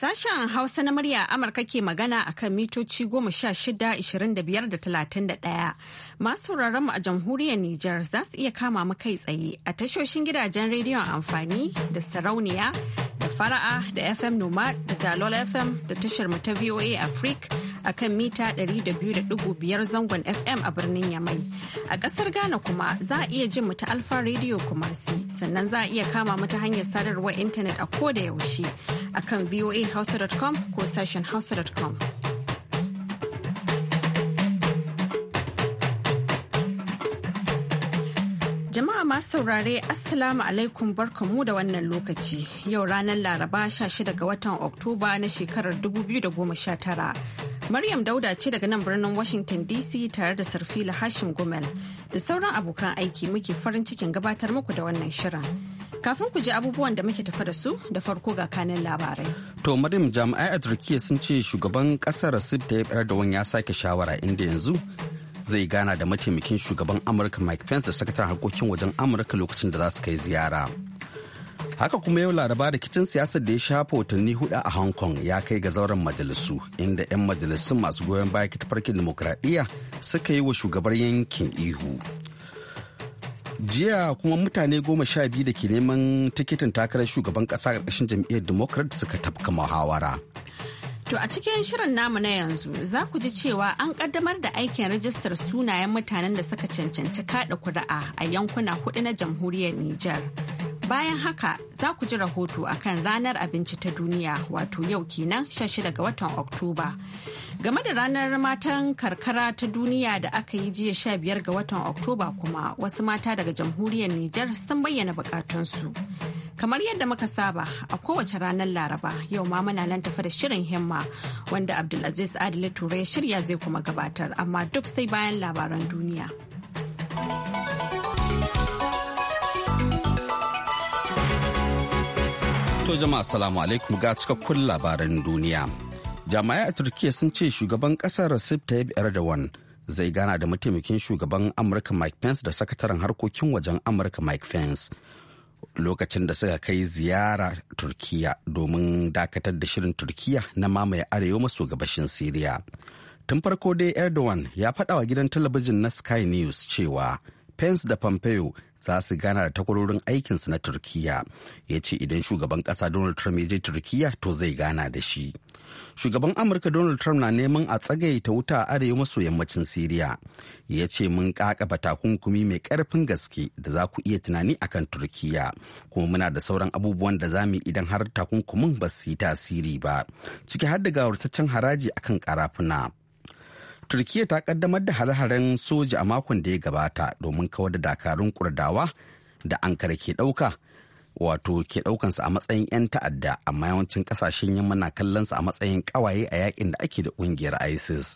Sashen Hausa na murya Amurka ke magana a kan mitoci goma sha shida, ishirin da talatin da ɗaya. Masu mu a jamhuriyar Nijar za su iya kama mu kai tsaye a tashoshin gidajen rediyon amfani da sarauniya da fara'a da FM Nomad da Dalol FM da tashar mu ta VOA Africa a kan mita 200.5 zangon FM a birnin Yamai. A ƙasar Ghana kuma za a iya jin mu ta Alfa Radio Kumasi sannan za a iya kama mu ta hanyar sadarwar intanet a ko da yaushe akan voahausa.com ko sashen hausa.com. Jama'a masu saurare Assalamu alaikum barkamu da wannan lokaci. Yau ranar Laraba 16 ga watan Oktoba na shekarar 2019. Maryam Dauda ce daga nan birnin Washington DC tare da Sarfila Hashim Gumel da sauran abokan aiki muke farin cikin gabatar muku da wannan shirin. Kafin ku ji abubuwan da muke tafa da su da farko ga kanin labarai. To madam jami'ai a Turkiyya sun ce shugaban kasar Recep da wani ya sake shawara inda yanzu zai gana da mataimakin shugaban Amurka Mike Pence da sakataren harkokin wajen Amurka lokacin da za su kai ziyara. haka kuma yau laraba rikicin siyasar da ya shafa watanni hudu a hong kong ya kai ga zauren majalisu inda 'yan majalisun masu goyon baya ta farkin suka yi wa shugabar yankin ihu jiya kuma mutane goma sha biyu da ke neman tikitin takarar shugaban kasa ƙarƙashin jam'iyyar democrat suka tafka muhawara To a cikin shirin namu na yanzu za ku ji cewa an kaddamar da aikin rajistar sunayen mutanen da suka cancanci kada kuri'a a yankuna hudu na jamhuriyar Nijar. Bayan haka za ku ji rahoto a kan ranar abinci ta duniya wato yau kenan 16 ga watan Oktoba. Game da ranar matan karkara ta duniya da aka yi jiya 15 ga watan Oktoba kuma wasu mata daga jamhuriyar Nijar sun bayyana bukatunsu. Kamar yadda muka saba a kowace ranar Laraba yau ma muna nan tafi da shirin himma wanda Abdulaziz Adil Ture shirya zai kuma gabatar amma duk sai bayan labaran duniya. To jama'a assalamu alaikum ga cikakkun labaran duniya. Jama'a a turkiya sun ce shugaban kasar Recep Tayyip Erdogan zai gana da mataimakin shugaban Amurka Mike Pence da sakataren harkokin wajen Amurka Mike Pence. Lokacin da suka kai ziyara Turkiyya domin dakatar da shirin Turkiyya na mamaye arewa maso gabashin Siriya. Tun farko dai Erdogan ya faɗa wa gidan talabijin na Sky News cewa Pence da Pompeo za su gana da takwarorin aikinsu na turkiya ya ce idan shugaban kasa donald trump ya je turkiya to zai gana da shi shugaban amurka donald trump na neman a ta wuta a arewa maso yammacin siriya ya ce mun kakaba takunkumi mai karfin gaske da za ku iya tunani akan turkiya kuma muna da sauran abubuwan da za mu idan har takunkumin ba su yi tasiri ba ciki har da gawartaccen haraji akan karafuna turkiya ta kaddamar da har haren soja a makon da ya gabata domin kawar da dakarun kurdawa da ankara ke dauka wato ke ɗaukansu a matsayin 'yan ta'adda amma yawancin kasashen yamma na kallonsu a matsayin kawaye a yakin da ake da kungiyar isis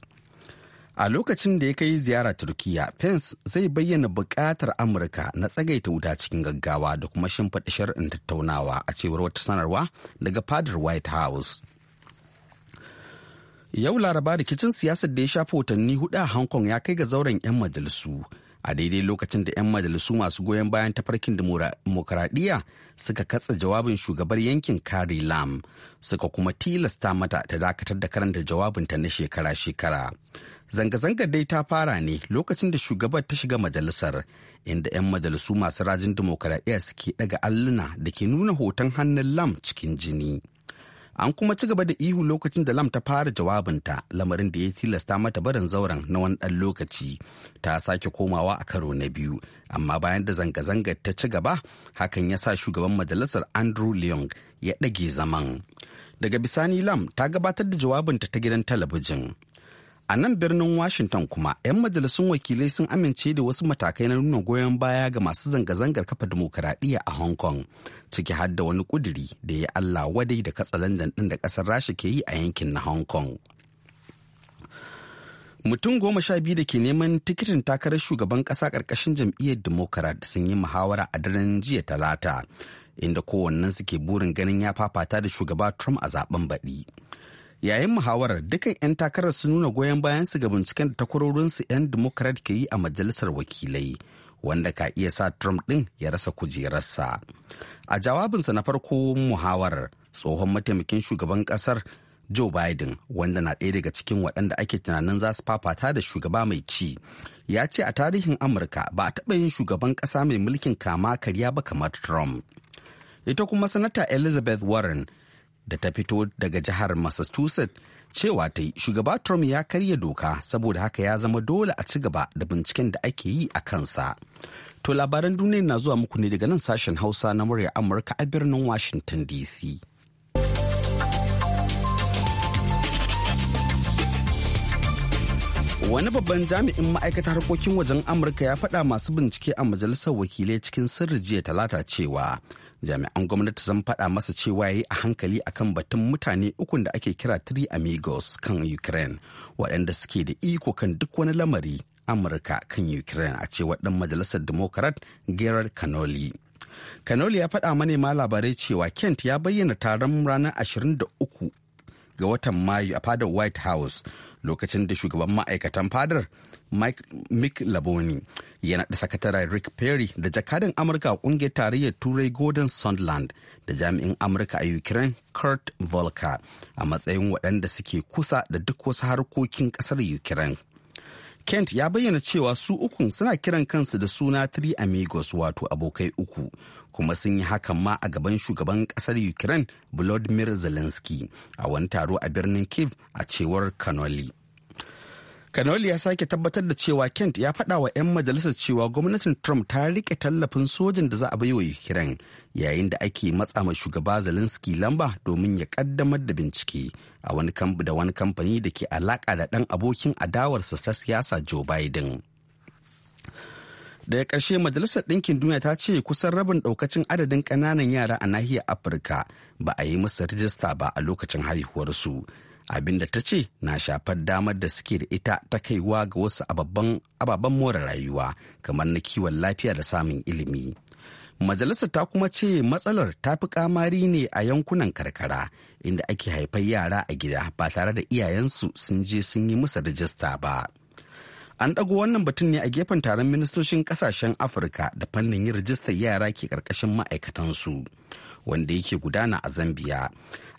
a lokacin da ya kai ziyara turkiyya pence zai bayyana buƙatar amurka na tsagaita wuta cikin gaggawa da kuma shimfiɗa shari'in tattaunawa a cewar wata sanarwa daga fadar white house Yau Laraba rikicin siyasar da ya shafi watanni hudu a Hong Kong ya kai ga zauren 'yan majalisu. A daidai lokacin da 'yan majalisu masu goyon bayan tafarkin dimokuraɗiyya suka katsa jawabin shugabar yankin Kari Lam suka kuma tilasta mata ta dakatar da karanta jawabinta na shekara-shekara. Zanga-zangar dai ta fara ne lokacin da shugabar ta shiga majalisar inda 'yan majalisu masu rajin dimokuraɗiyya suke ɗaga alluna da ke nuna hoton hannun Lam cikin jini. an kuma ci gaba da ihu lokacin da lam ta fara jawabinta lamarin da ya tilasta mata barin zauren na wani ɗan lokaci ta sake komawa a karo na biyu amma bayan da zanga zanga ta ci gaba hakan ya sa shugaban majalisar andrew leong ya ɗage zaman daga bisani lam ta gabatar da jawabinta ta gidan talabijin A nan birnin Washington kuma, 'yan majalisun wakilai sun amince da wasu matakai na nuna goyon baya ga masu zanga-zangar kafa dimokuraɗiyya a Hong Kong, ciki har da wani ƙuduri da ya Allah wadai da katsalandan ɗin da ƙasar Rasha ke yi a yankin na Hong Kong. Mutum goma sha biyu da ke neman tikitin takarar shugaban ƙasa ƙarƙashin jam'iyyar Democrat sun yi muhawara a daren jiya talata, inda kowannen suke burin ganin ya fafata da shugaba Trump a zaben baɗi. yayin muhawarar dukkan 'yan takarar su nuna goyon bayan su ga binciken da takwarorinsu 'yan democrat ke yi a majalisar wakilai wanda ka iya sa trump ɗin ya rasa kujerarsa a jawabinsa na farko muhawarar tsohon mataimakin shugaban ƙasar joe biden wanda na ɗaya daga cikin waɗanda ake tunanin za su fafata da shugaba mai ci ya ce a tarihin amurka ba a taɓa yin shugaban ƙasa mai mulkin kama karya ba kamar trump ita kuma sanata elizabeth warren da ta fito daga jihar Massachusetts cewa ta yi shugaba Trump ya karya doka saboda haka ya zama dole a ci gaba da binciken da ake yi a kansa. To labaran duniya na zuwa muku ne daga nan sashen Hausa na murya Amurka a birnin Washington DC. wani babban jami'in ma'aikatar harkokin wajen amurka ya faɗa masu bincike a majalisar wakilai cikin sirri jiya talata cewa jami'an gwamnati zan faɗa masa cewa ya yi a hankali akan batun mutane ukun da ake kira three amigos kan ukraine waɗanda suke da iko kan duk wani lamari amurka kan ukraine a cewa ɗan majalisar democrat gerard canoli canoli ya faɗa manema labarai cewa kent ya bayyana taron ranar 23 ga watan mayu a fadar white house lokacin da shugaban ma'aikatan fadar Mick Laboni ya naɗa sakataren Rick Perry da jakadan Amurka a ƙungiyar tarayyar Turai Gordon Sondland da jami'in Amurka a Ukraine Kurt Volker a matsayin waɗanda suke kusa da duk wasu harkokin ƙasar Ukraine. Kent ya bayyana cewa su ukun suna kiran kansu da suna Three Amigos wato abokai uku kuma sun yi hakan ma a gaban shugaban kasar ukraine volodymyr zelensky a wani taro a birnin kiev a cewar kanoli kanoli ya sake tabbatar da cewa kent ya faɗa wa 'yan majalisar cewa gwamnatin trump ta rike tallafin sojin da za a baiwa ukraine yayin da ake matsa ma shugaba zelensky lamba domin ya kaddamar da bincike a wani da wani kamfani da ke alaka da ɗan abokin adawarsa ta siyasa joe biden daga ƙarshe majalisar ɗinkin duniya ta ce kusan rabin ɗaukacin adadin ƙananan yara a nahiyar afirka ba a yi musu rijista ba a lokacin haihuwarsu abinda ta ce na shafar damar da suke da ita ta kaiwa ga wasu ababen more rayuwa kamar na kiwon lafiya da samun ilimi majalisar ta kuma ce matsalar ta fi kamari ne a yankunan karkara inda ake haifar yara a gida ba tare da iyayensu sun je sun yi musu rijista ba. An ɗago wannan batun ne a gefen taron ministocin ƙasashen Afirka da fannin yin rajistar yara ke ƙarƙashin ma'aikatansu, wanda yake gudana a Zambia,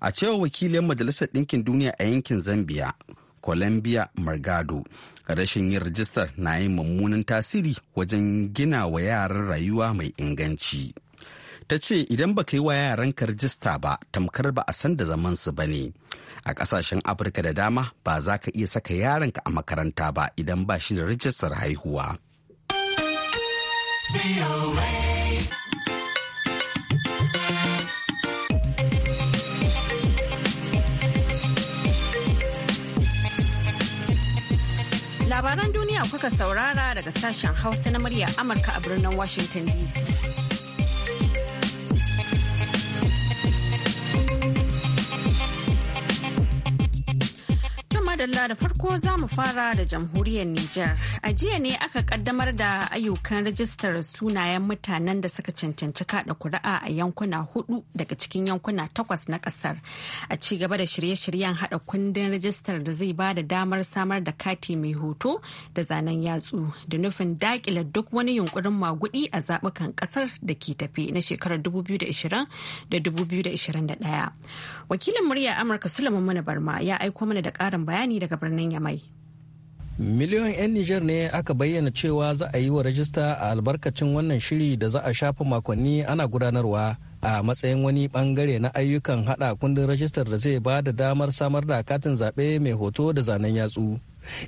A cewa wakilin Majalisar Ɗinkin Duniya a yankin Zambia, Colombia Margado, rashin yin rajistar na yin mummunan tasiri wajen gina wa yaran rayuwa mai inganci. ta ce idan ba ka yi wa yaranka rijista ba tamkar ba a san da zamansu ba ne a kasashen afirka da dama ba za ka iya saka yaranka a makaranta ba idan ba shi da rijistar haihuwa labaran duniya kuka saurara daga sashen hausa na murya amurka a birnin washington dc madalla da farko za mu fara da jamhuriyar Nijar. A jiya ne aka kaddamar da ayyukan rajistar sunayen mutanen da suka cancanci kada kuri'a a yankuna hudu daga cikin yankuna takwas na kasar. A ci gaba da shirye-shiryen hada kundin rajistar da zai ba da damar samar da kati mai hoto da zanen yatsu da nufin dakila duk wani yunkurin magudi a zabukan kasar da ke tafi na shekarar 2020 da 2021. Wakilin murya Amurka Sulaiman Mana Barma ya aiko mana da karin bayani bayani daga birnin Yamai. Miliyon 'yan Nijar ne aka bayyana cewa za a yi wa rajista a albarkacin wannan shiri da za a shafa makonni ana gudanarwa a matsayin wani bangare na ayyukan hada kundin rajistar da zai ba da damar samar da katin zaɓe mai hoto da zanen yatsu.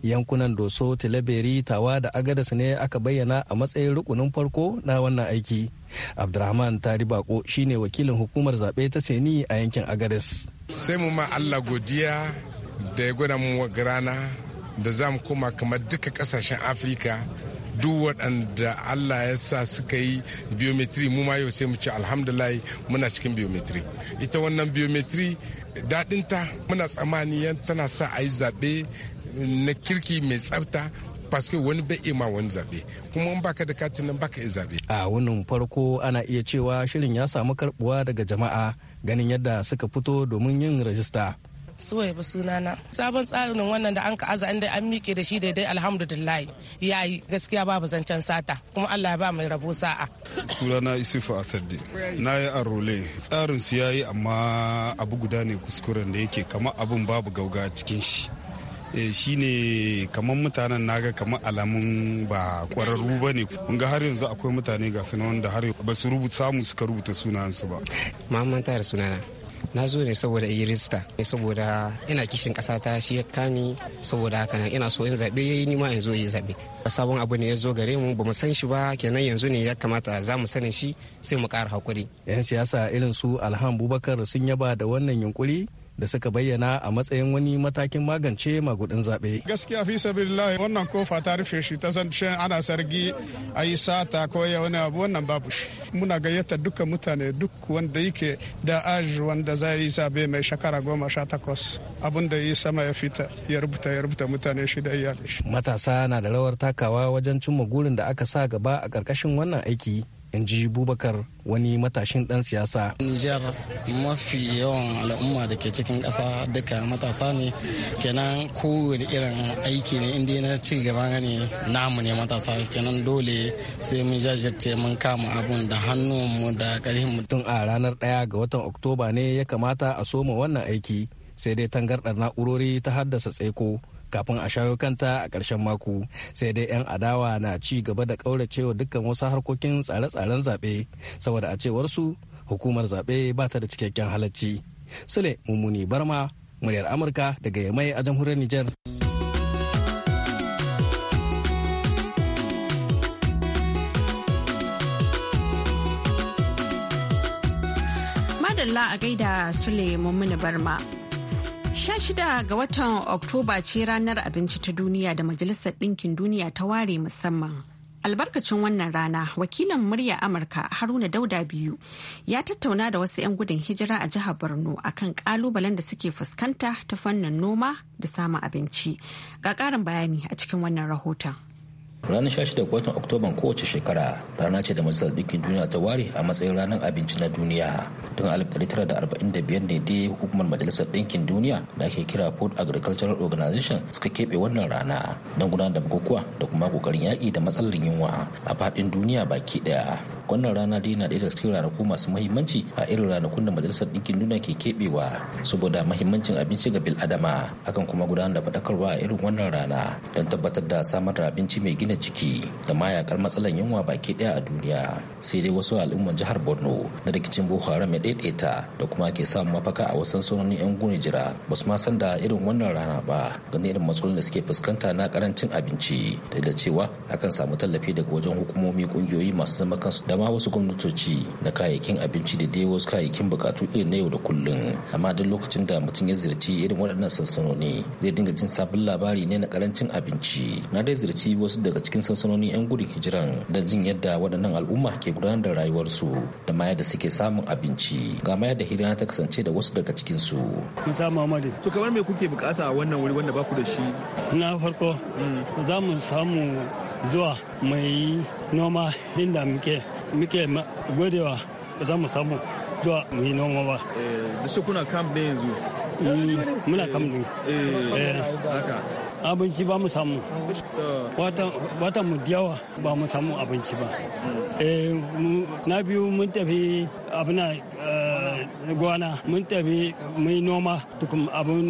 Yankunan Doso, Tilaberi, Tawa da Agadas ne aka bayyana a matsayin rukunin farko na wannan aiki. Abdurrahman Taribako shine wakilin hukumar zaɓe ta Seni a yankin Agadas. Sai mu ma Allah godiya da ya gwada mu rana da za mu koma kamar duka kasashen afirka duk waɗanda allah ya sa suka yi biometri mu ma yau sai mu ce alhamdulahi muna cikin biometri ita wannan biometri daɗinta muna tsammani tana sa a yi zaɓe na kirki mai tsafta paske wani bai iya ma wani zaɓe kuma in baka da katin nan baka iya zaɓe. a wannan farko ana iya cewa shirin ya samu karbuwa daga jama'a ganin yadda suka fito domin yin rajista suwaye ba sunana sabon tsarin wannan da an ka aza inda an miƙe da shi daidai alhamdulillah ya yi gaskiya babu zancen sata kuma allah ya ba mai rabo sa'a sunana isufu asadi na yi arole tsarin su ya yi amma abu guda ne kuskuren da yake kamar abun babu gauga cikin shi eh, shi ne kamar mutanen naga kamar alamun ba kwararru ba ne ga har yanzu akwai mutane ga sunan da har ba su rubuta samu suka rubuta sunansu ba muhammad sunana na zo ne saboda yi rista saboda ina kishin ƙasa ta shi ya kani saboda haka ina so in zaɓe yayi ni ma yanzu yi zaɓe sabon abu ne ya zo gare mu bamu san shi ba kenan yanzu ne ya kamata za mu sanin shi sai mu ƙara hakuri yan siyasa irin su alham bubakar sun yaba da wannan yunkuri da suka bayyana a matsayin wani matakin magance magudin zaɓe. Gaskiya fi sabilillah wannan kofa ta rufe shi ta san ana sargi a yi sata ko ya wani abu wannan babu shi. Muna gayyata duka mutane duk wanda yake da aji wanda za yi zaɓe mai shekara goma sha takwas abin da yi sama ya fita ya rubuta ya rubuta mutane shi da iyali. Matasa na da rawar takawa wajen cimma gurin da aka sa gaba a ƙarƙashin wannan aiki. in ji bubakar wani matashin dan siyasa nijar mafi yawan al'umma da ke cikin ƙasa duka matasa ne kenan kowane irin aiki ne inda na ci gaba ne namu ne matasa kenan dole sai mun jajirce mun kama abun da hannunmu da ƙarfin mutum a ranar ɗaya ga watan oktoba ne ya kamata a soma wannan aiki sai dai tangardar na'urori ta haddasa tsaiko kafin a shayo kanta a ƙarshen mako sai dai 'yan adawa na ci gaba da ƙauracewa dukkan wasu harkokin tsare-tsaren zaɓe saboda a cewarsu hukumar zaɓe ba ta da cikakken halacci sule mummuni barma muryar amurka daga yamai a jamhuriyar niger madalla a gaida sule mummuni barma 16 ga watan Oktoba ce ranar abinci ta duniya da Majalisar Ɗinkin Duniya ta ware musamman. Albarkacin wannan rana, wakilin murya Amurka Haruna Dauda biyu ya tattauna da wasu 'yan gudun hijira a jihar Borno akan kalubalen da suke fuskanta ta fannin noma da samun abinci. Ga ƙarin bayani a cikin wannan rahoton. ranar shashi da watan oktoban kowace shekara rana ce da majalisar ɗinkin duniya ta ware a matsayin ranar abinci na duniya tun 1945 ne dai hukumar majalisar ɗinkin duniya da ake kira food agricultural organization suka keɓe wannan rana don gudanar da bukukuwa da kuma ƙoƙarin yaƙi da matsalar yunwa a faɗin duniya baki ɗaya wannan rana dai na ɗaya daga cikin ranaku masu mahimmanci a irin ranakun da majalisar ɗinkin duniya ke keɓewa saboda mahimmancin abinci ga bil'adama akan kuma gudanar da faɗakarwa a irin wannan rana don tabbatar da samar da abinci mai gina ciki da ma yaƙar matsalar yunwa baki ɗaya a duniya sai dai wasu al'umman jihar borno na rikicin boko haram ya ɗaiɗaita da kuma ke samun mafaka a wasu sansanonin 'yan guni jira ba su ma san da irin wannan rana ba ganin irin matsalolin da suke fuskanta na karancin abinci da da cewa akan samu tallafi daga wajen hukumomi kungiyoyi masu zama kansu da ma wasu gwamnatoci da kayayyakin abinci da dai wasu kayayyakin bukatu irin na yau da kullum amma duk lokacin da mutum ya ziyarci irin waɗannan sansanoni zai dinga jin sabon labari ne na karancin abinci na dai ziyarci wasu daga cikin sansanonin yan gudun hijiran da jin yadda waɗannan al'umma ke gudanar da rayuwarsu da ma yadda suke samun abinci ga ma yadda ta kasance da wasu daga cikin su kin samu to kamar me kuke bukata a wannan wuri wanda ba da shi na farko mm. za mu samu zuwa mai noma inda muke muke godewa ba za mu samu zuwa mu yi noma ba. Eh, da shi kuna kam ne yanzu? Mm, muna kam ne. Eh, eh, abinci ba mu samu. Watan mu diyawa ba mu samu abinci ba. Na biyu mun tafi abin eh, gwana mun tafi mai noma tukun abin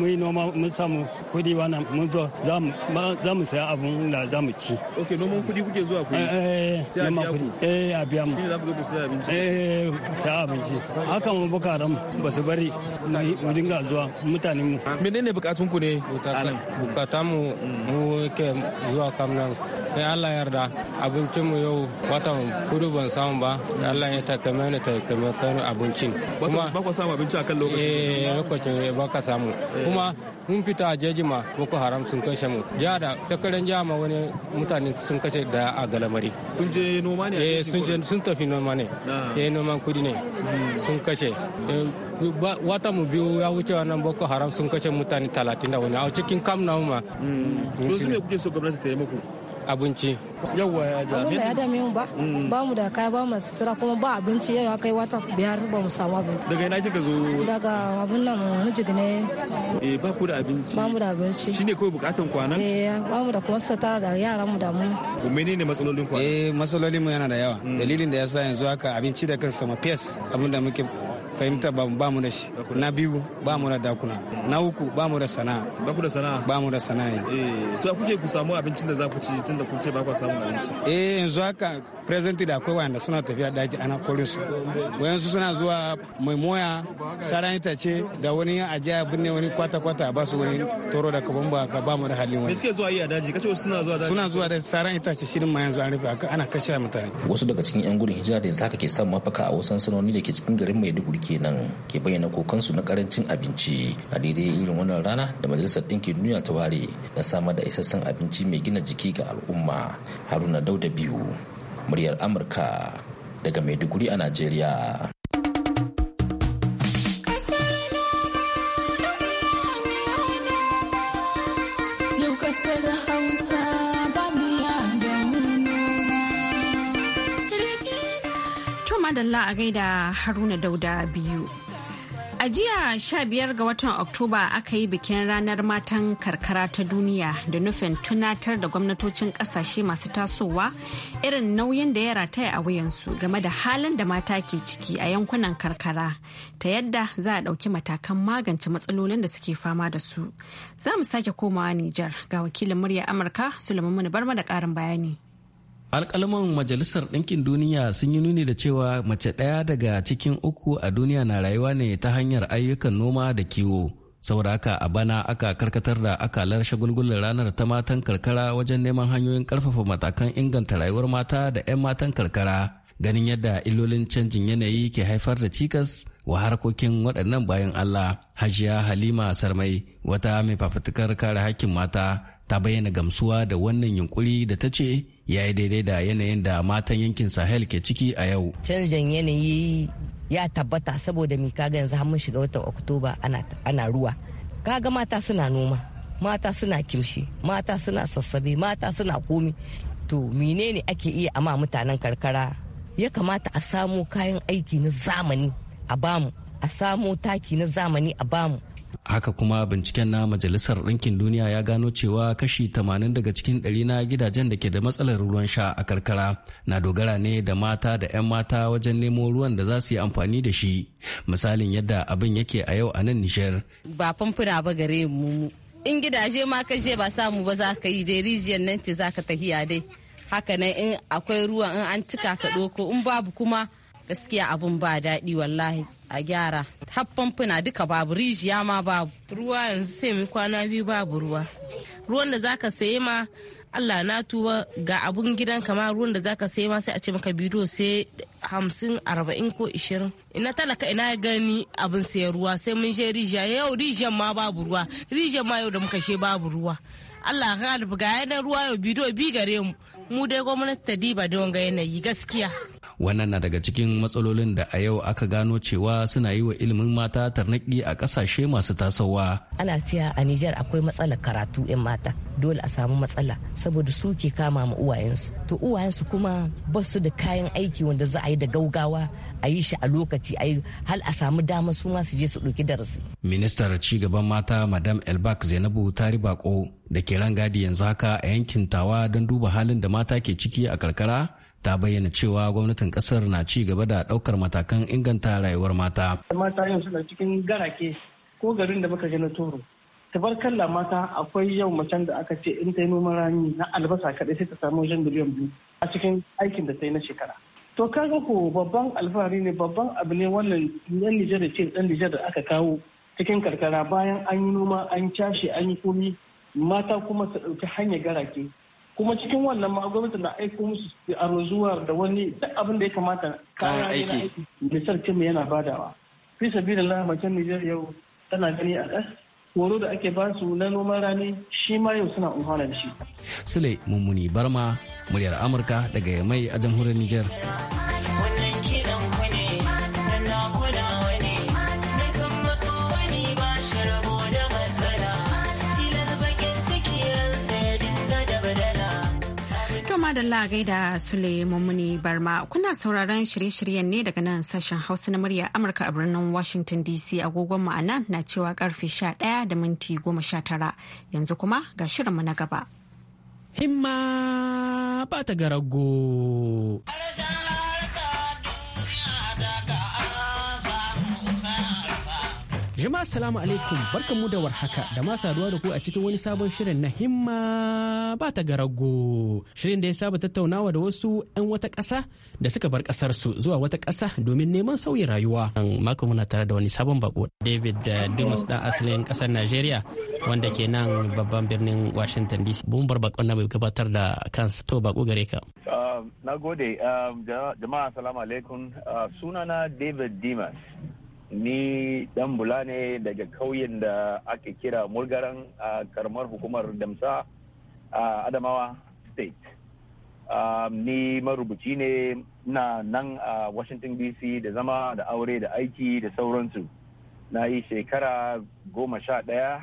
mai noma mun samu kudi wana mun zo za mu saya abin da za mu ci. Ok noman kudi kuke zuwa kudi? Eh, eh, eh noman kudi. Eh a biya mu. Shi za ku saya abinci? Eh saya abinci. Haka mu bukaran ba su bari mu dinga zuwa mutane mu. Menene bukatun ku ne? bukatun mu mu ke zuwa kamnan in Allah yarda abincin mu yau watan hudu ban samu ba Allah ya takame ni takame kan abincin kuma ba ku samu abinci akan lokaci eh lokacin ba ka samu kuma mun fita a jejima boko haram sun kashe mu ja da sakaren jiya ma wani mutane sun kashe da a galamari kun je noma ne eh sun je sun tafi noma ne ah. eh noman kudi ne hmm. sun kashe eh, wata mu biyu ya wuce wannan boko haram sun kashe mutane talatin da wani a cikin kam na ma. Kun hmm. su me kuke so gwamnati ta yi abinci yawwa ya ja abin da ya dame mu ba mm. ba mu da kaya ba mu da sutura kuma ba abinci yau kai wata biyar ba mu samu abinci daga ina kika zo daga abin nan miji ne eh ba ku da abinci ba mu da abinci ne kawai bukatan kwanan. eh ba mu da kuma sutura da yaran mu da mu menene matsalolin kwana eh matsalolin mu yana da yawa mm. dalilin da yasa yanzu haka abinci da kansa ma fes abin da muke fahimta ba mu da shi na biyu ba mu da dakuna na uku ba mu da sana'a ba ku da sana'a ba mu da sana'a eh to kuke ku samu abincin da za ku ci tunda kun ce ba ku samu abinci eh yanzu haka presenti da akwai wanda suna tafiya daji ana kore su wayansu suna zuwa mai moya ta itace da wani ajiya binne wani kwata-kwata a basu wani toro da kaban ba ka ba mu da halin wani suke zuwa yi a daji kace wasu suna zuwa daji suna zuwa da ta itace shirin ma yanzu an rufe ana kashe mutane wasu daga cikin yan gudun hijira da yanzu haka ke samun mafaka a wasu sansanoni da ke cikin garin Maiduguri kenan ke bayyana su na karancin abinci a daidai irin wannan rana da majalisar ɗinkin duniya ta ware na samar da isassun abinci mai gina jiki ga al'umma haruna dauda biyu muryar amurka daga maiduguri a najeriya madalla a gaida haruna dauda biyu A jiya sha biyar ga watan Oktoba aka yi bikin ranar matan karkara ta duniya da nufin tunatar da gwamnatocin kasashe masu tasowa irin nauyin da ya rataya a wuyansu game da halin da mata ke ciki a yankunan karkara ta yadda za a ɗauki matakan magance matsalolin da suke fama da su. Za mu sake komawa Nijar ga wakilin murya Amurka Sulaiman Barma da ƙarin bayani. alkalman majalisar ɗinkin duniya sun yi nuni da cewa mace ɗaya daga cikin uku a duniya na rayuwa ne ta hanyar ayyukan noma da kiwo saboda haka a bana aka karkatar da akalar shagulgular ranar ta matan karkara wajen neman hanyoyin karfafa matakan inganta rayuwar mata da 'yan matan karkara ganin yadda illolin canjin yanayi ke haifar da cikas wa harkokin waɗannan bayan allah hajiya halima sarmai wata mai fafutukar kare hakkin mata ta bayyana gamsuwa da wannan yunkuri da ta ce ya yi daidai da yanayin da matan yankin sahel ke ciki a yau canjin yanayi ya tabbata saboda mi kaga yanzu har mun shiga watan oktoba ana ruwa kaga mata suna noma mata suna kimshi mata suna sassabe mata suna komi to menene ake iya ama mutanen karkara ya kamata a samu kayan aiki na zamani a bamu a samo taki na zamani a bamu haka kuma binciken na majalisar ɗinkin duniya ya gano cewa kashi 80 daga cikin ɗari na gidajen da ke da matsalar ruwan sha a karkara na dogara ne da mata da 'yan mata wajen nemo ruwan da za su yi amfani da shi misalin yadda abin yake a yau a nan nishar ba famfuna ba gare mu in gidaje ma ka je ba samu ba za ka yi dai rijiyar nan ce za ka tahiya dai haka nan in akwai ruwan in an cika ka ɗoko in babu kuma gaskiya abin ba daɗi wallahi a gyara haffamfuna duka babu rijiya ma babu ruwa yanzu sai mu kwana biyu babu ruwa ruwan da zaka saye ma Allah na tuba ga abun gidan kama ruwan da zaka saye ma sai a ce maka bidiyo sai hamsin arba'in ko ishirin ina talaka ina gani abin sayan ruwa sai mun je rijiya yau rijiyan ma babu ruwa rijiyan ma yau da muka she babu ruwa Allah ka ga ruwa yau bidiyo bi gare mu mu dai gwamnati ta diba da wanga yanayi gaskiya wannan na daga cikin matsalolin da a yau aka gano cewa suna yi wa ilimin mata tarnaki a kasashe masu tasowa ana cewa a Nijar akwai matsalar karatu 'yan mata dole a samu matsala saboda su ke kama ma uwayensu to uwayensu kuma ba su da kayan aiki wanda za a yi da gaugawa a yi shi a lokaci a hal a samu dama su ma su je su ɗauki darasi ministar cigaban mata madam elbak zainabu tari bako da ke rangadi yanzu haka a yankin tawa don duba halin da mata ke ciki a karkara ta bayyana cewa gwamnatin kasar na ci gaba da daukar matakan inganta rayuwar mata. Mata yau suna cikin garake ko garin da muka na toro. kalla mata akwai yau macen da aka ce in ta yi noman rani na albasa kaɗai sai ta samu wajen miliyan biyu a cikin aikin da ta yi na shekara. To kaga ko babban alfahari ne babban abu ne wannan yan Nijar da ce ɗan Nijar da aka kawo cikin karkara bayan an yi noma an cashe an yi komi mata kuma su ɗauki hanyar garake kuma cikin wannan ma gwamnati na aiko musu zuwa da wani duk abin da ya kamata kayan aiki da misal cimma yana badawa fi da lahama can Nijar yau tana gani a ƙas horo da ake ba su na noman rani shi ma yau suna umfana da shi Sule Mummuni Barma muryar Amurka daga Yamai a jamhuriyar Nijar da gaida Sule Mummuni Barma kuna sauraron shirye-shiryen ne daga nan sashen Hausa na murya Amurka a birnin Washington DC agogon ma'ana na cewa karfe 11 da minti 19 yanzu kuma ga shirin mu na gaba. Himma ba ta garago. Jama'a salamu alaikum barkanmu da warhaka da ma saduwa da ku a cikin wani sabon shirin na himma ba ta garago. Shirin da ya saba tattaunawa da wasu 'yan wata ƙasa da suka bar ƙasar su zuwa wata ƙasa domin neman sauyin rayuwa. Maka muna tare da wani sabon bako David eh, Dumas dan asalin ƙasar Najeriya wanda ke nan babban birnin Washington DC. Bun bar bakon na mai gabatar da kansa to bako gare ka. Um, na gode um, jama'a salamu alaikum uh, sunana David Dimas. ni dan bula ne daga kauyen da ake kira mulgaran a karamar hukumar damsa a adamawa state ni marubuci ne na nan a washington dc da zama da aure da aiki da sauransu na yi shekara goma sha ɗaya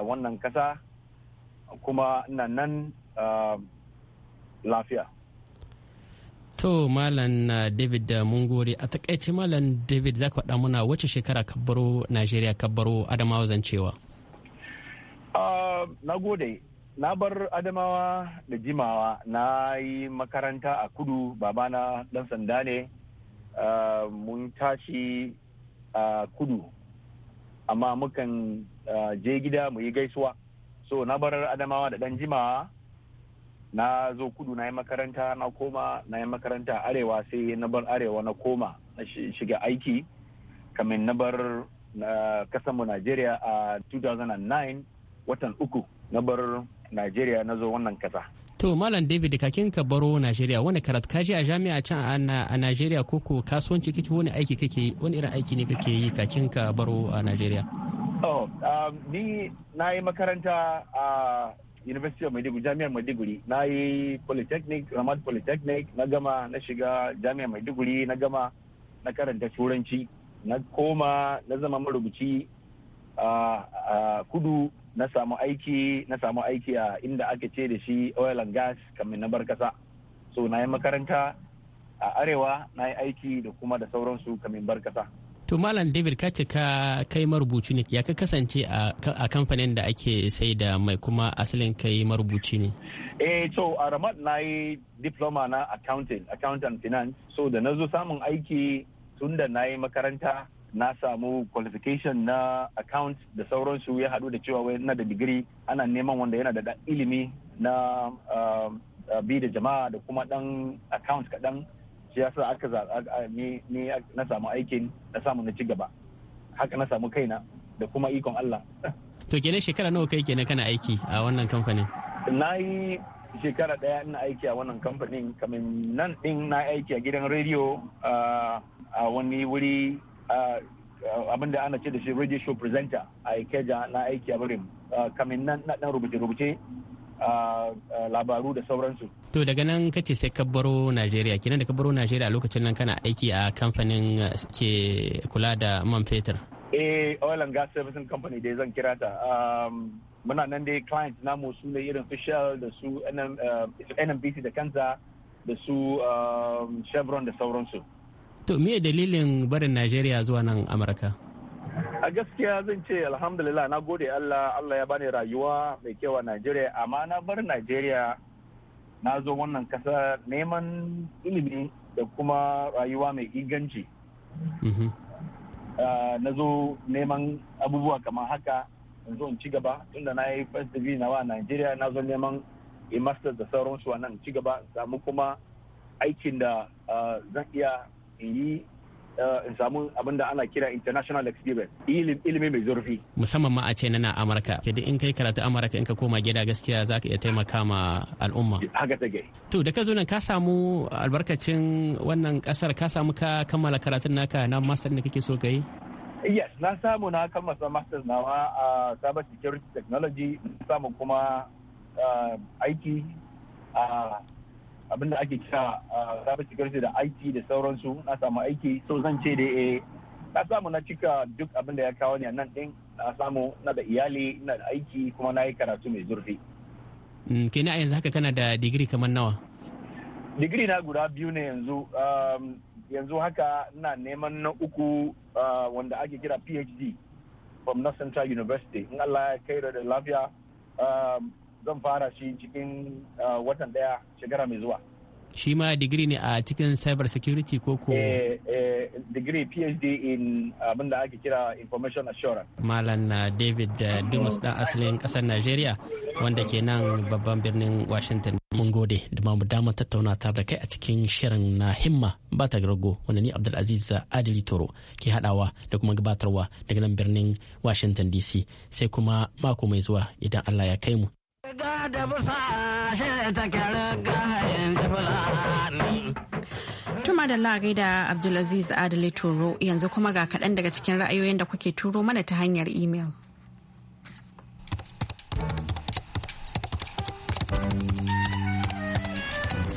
a wannan kasa kuma na nan lafiya To Malam uh, David da uh, gode a takaice Malam David za ka faɗa muna wace shekara kabaro Najeriya ka Adamawa zancewa. Uh, na gode na bar Adamawa da jimawa na yi makaranta a kudu babana ɗan sanda ne mun tashi a kudu amma mukan je gida mu yi gaisuwa so na bar Adamawa da ɗan jimawa na zo kudu na yi makaranta na koma na yi makaranta arewa sai na bar arewa na koma na shiga aiki kamin na bar kasanmu najeriya a 2009 watan uku na bar najeriya na zo wannan kasa to malam david kakin ka baro najeriya wani karat ka je a jami'a can a najeriya koko kasuwanci kake wani aiki kake wani irin aiki ne kake yi kakin ka baro a najeriya oh um, ni na yi makaranta a university of maiduguri jami'ar maiduguri na yi polytechnic ramad polytechnic na gama na shiga jami'ar maiduguri na gama na karanta turanci na koma na zama marubuci a kudu na samu aiki na samu aiki a inda ake ce da shi oil and gas kamin na bar kasa so na yi makaranta a arewa na yi aiki da kuma da sauransu kamin bar kasa to malam david ka ce ka kai marubuci ne ya ka kasance a kamfanin da ake sai da mai kuma asalin kai marubuci ne eh to a ramat na yi diploma na accounting accountant finance so da na zo samun aiki tun da na yi makaranta na samu qualification na account da sauransu ya haɗu da cewa wai na da digiri ana neman wanda yana da ilimi na um, uh, bi da jama'a da kuma ɗan account kaɗan shi sa aka ni na samu aikin na samu na ci gaba haka na samu kaina da kuma ikon Allah to kenan shekara nawa kai kenan kana aiki a wannan kamfanin na yi shekara daya ina aiki a wannan kamfanin kamar nan din na aiki a gidan rediyo a wani wuri abin da ana ce da shi radio show presenter a Ikeja na aiki a wurin kamin nan na rubuce-rubuce labaru da sauransu. To daga nan kace sai ka baro Najeriya kinan da ka baro Najeriya lokacin nan kana aiki a kamfanin eh, ke kula da man fetur. Eh oil and gas servicing company dai zan kira ta. Um, muna nan dai client namu su ne irin Fishel da su NMPC eh, da kansa da su um, Chevron da sauransu. To me dalilin barin Najeriya zuwa nan Amurka? a gaskiya zan ce alhamdulillah na gode allah allah ya bani rayuwa mai kyau a najeriya amma na bar najeriya na zo wannan kasa neman ilimi da kuma rayuwa mai inganci mhm. ah, na zo neman abubuwa kamar haka in zo in ci gaba tunda na yi first degree na wa Najeriya na zo neman a masters da sauransu a nan ci gaba samu kuma aikin da ah, zan iya in yi Eh, in samu abin da ana kira international experience ilimi mai zurfi musamman ma a ce nana amurka ke in kai karatu amurka in ka koma gida gaskiya za ka iya taimaka ma al'umma haka take to da ka zo nan ka samu albarkacin wannan kasar ka samu ka kammala karatun naka na master da kake so ka yi yes na samu na kammala masters nawa a cyber security technology na samu kuma eh, aiki abin da ake kira cyber security da IT da sauransu na samu aiki so zan ce da eh na samu na cika duk abin da ya kawo ni a nan din na samu na da iyali na da aiki kuma na yi karatu mai zurfi. Mm, kenan a yanzu haka kana da digiri kamar nawa? digiri na guda biyu ne yanzu um, yanzu haka na neman na uku uh, wanda ake kira phd from north central university in allah ya kai da lafiya um, zan fara shi cikin ah, watan daya shekara mai zuwa shi ma digiri ne a cikin cyber security ko ko eh, eh, digiri phd in abin ake kira information assurance malam ah, david ah, dumas dan asalin kasar najeriya wanda ke nan babban birnin washington mun gode da mamu dama tattauna tare da kai a cikin shirin na himma ba ta rago wanda ni abdulaziz adili toro ke hadawa da kuma gabatarwa daga nan birnin washington dc sai kuma mako mai zuwa idan allah ya kai mu Tuma da lagai da Abdulaziz Adali Turo yanzu kuma ga kaɗan daga cikin ra'ayoyin da kuke turo mana ta hanyar imel.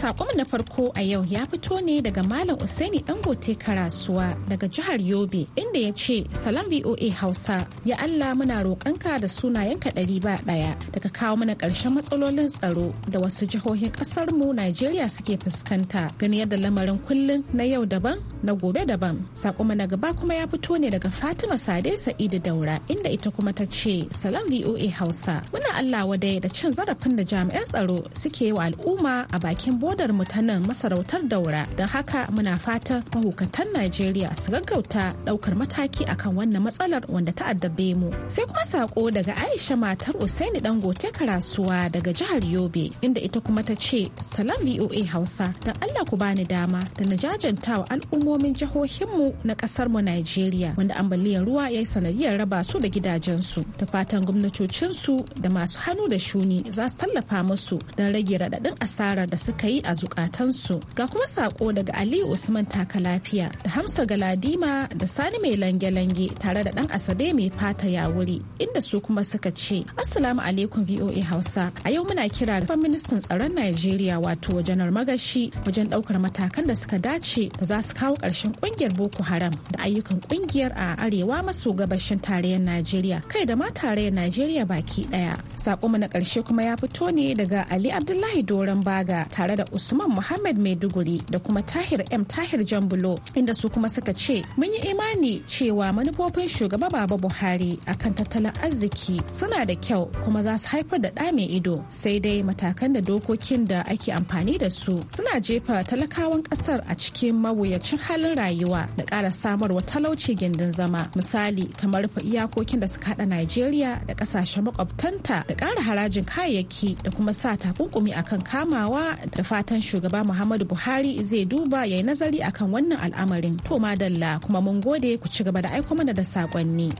sakon na farko a yau ya fito ne daga Malam Usaini Dangote Karasuwa daga jihar Yobe inda ya ce Salam VOA Hausa ya Allah muna roƙonka da sunayenka ɗari ba ɗaya daga kawo mana ƙarshen matsalolin tsaro da wasu jihohin ƙasar mu Najeriya suke fuskanta gani yadda lamarin kullun na yau daban na gobe daban. Sakon na gaba kuma ya fito ne daga Fatima Sade Sa'idu Daura inda ita kuma ta ce Salam VOA Hausa muna Allah wadai da cin zarafin da jami'an tsaro suke wa al'umma a bakin bola hodar mu ta nan masarautar daura don haka muna fatan mahukatan najeriya su gaggauta daukar mataki akan wannan matsalar wanda ta addabe mu sai kuma sako daga aisha matar usaini dangote karasuwa daga jihar yobe inda ita kuma ta ce salam voa hausa don allah ku bani dama da na jajantawa al'ummomin jihohinmu na kasar mu najeriya wanda ambaliyar ruwa ya yi sanadiyar raba su da gidajensu da fatan gwamnatocinsu da masu hannu da shuni za su tallafa musu don rage raɗaɗin asarar da suka yi a zukatansu ga kuma sako daga ali usman taka lafiya da hamsa galadima da sani mai lange-lange tare da dan asabe mai fata ya wuri inda su kuma suka ce assalamu alaikum voa hausa a yau muna kira da ministan tsaron nigeria wato janar magashi wajen daukar matakan da suka dace da za su kawo karshen kungiyar boko haram da ayyukan kungiyar a arewa maso gabashin tarayyar nigeria kai da ma tarayyar nigeria baki daya sako mu na karshe kuma ya fito ne daga ali abdullahi doron baga tare da Usman Muhammad Maiduguri da kuma Tahir M Tahir Jambulo inda su kuma suka ce mun yi imani cewa manufofin shugaba Baba Buhari akan tattalin arziki suna da kyau kuma za su haifar da ɗa mai ido sai dai matakan da dokokin da ake amfani da su suna jefa talakawan ƙasar a cikin mawuyacin halin rayuwa da ƙara samarwa talauci gindin zama misali kamar rufe iyakokin da suka haɗa Najeriya da ƙasashen makwabtanta da ƙara harajin kayayyaki da kuma sa takunkumi akan kamawa da fatan shugaba muhammadu buhari zai duba ya yi nazari akan wannan al'amarin to madalla kuma mun gode ku ci gaba da aiko mana da saƙonni.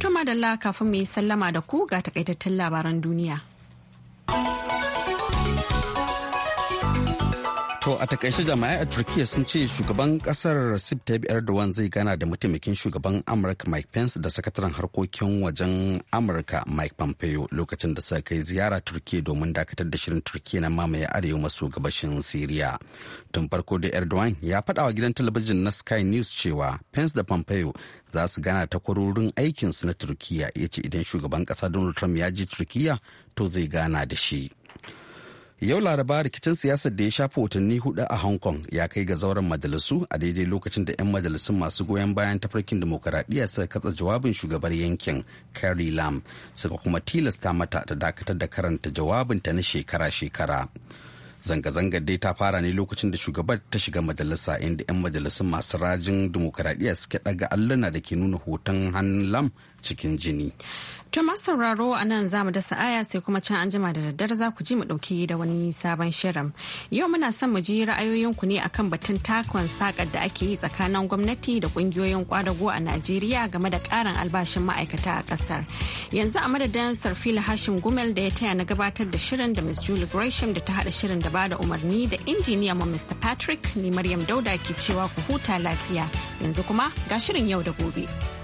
to madalla kafin mu yi sallama da ku ga takaitattun labaran duniya. To a takaice jama'a a Turkiyya sun ce shugaban kasar Recep Tayyip Erdogan zai gana da mataimakin shugaban Amurka Mike Pence da sakataren harkokin wajen Amurka Mike Pompeo lokacin da suka kai ziyara Turkiyya domin dakatar da shirin Turkiyya na mamaye arewa maso gabashin syria Tun farko da Erdogan ya faɗa wa gidan talabijin na Sky News cewa Pence da Pompeo za su gana ta kwarorin aikinsu na Turkiyya ya ce idan shugaban kasa Donald Trump ya je Turkiyya to zai gana da shi. Yau Laraba rikicin siyasar da ya shafi watanni hudu a Hong Kong ya kai ga zauren majalisu a daidai lokacin da 'yan majalisun masu goyon bayan tafarkin demokaradiyya suka katsa jawabin shugabar yankin Carrie Lam suka kuma tilasta mata ta dakatar da karanta jawabinta na shekara-shekara. Zanga-zangar dai ta fara ne lokacin da shugabar ta shiga majalisa inda 'yan majalisun masu rajin demokaradiyya suka daga alluna da ke nuna hoton hannun Lam cikin jini. To masu sauraro a nan za mu dasa aya sai kuma can an jima da daddare za ku ji mu ɗauki da wani sabon shirin. Yau muna son mu ji ra'ayoyinku ne akan batun takon sakar da ake yi tsakanin gwamnati da ƙungiyoyin kwadago a Najeriya game da ƙarin albashin ma'aikata a ƙasar. Yanzu a madadin Sarfila Hashim Gumel da ya taya na gabatar da shirin da Miss Julie Gresham da ta haɗa shirin da bada umarni da injiniya ma Mr. Patrick ni Maryam Dauda ke cewa ku huta lafiya. Yanzu kuma ga shirin yau da gobe.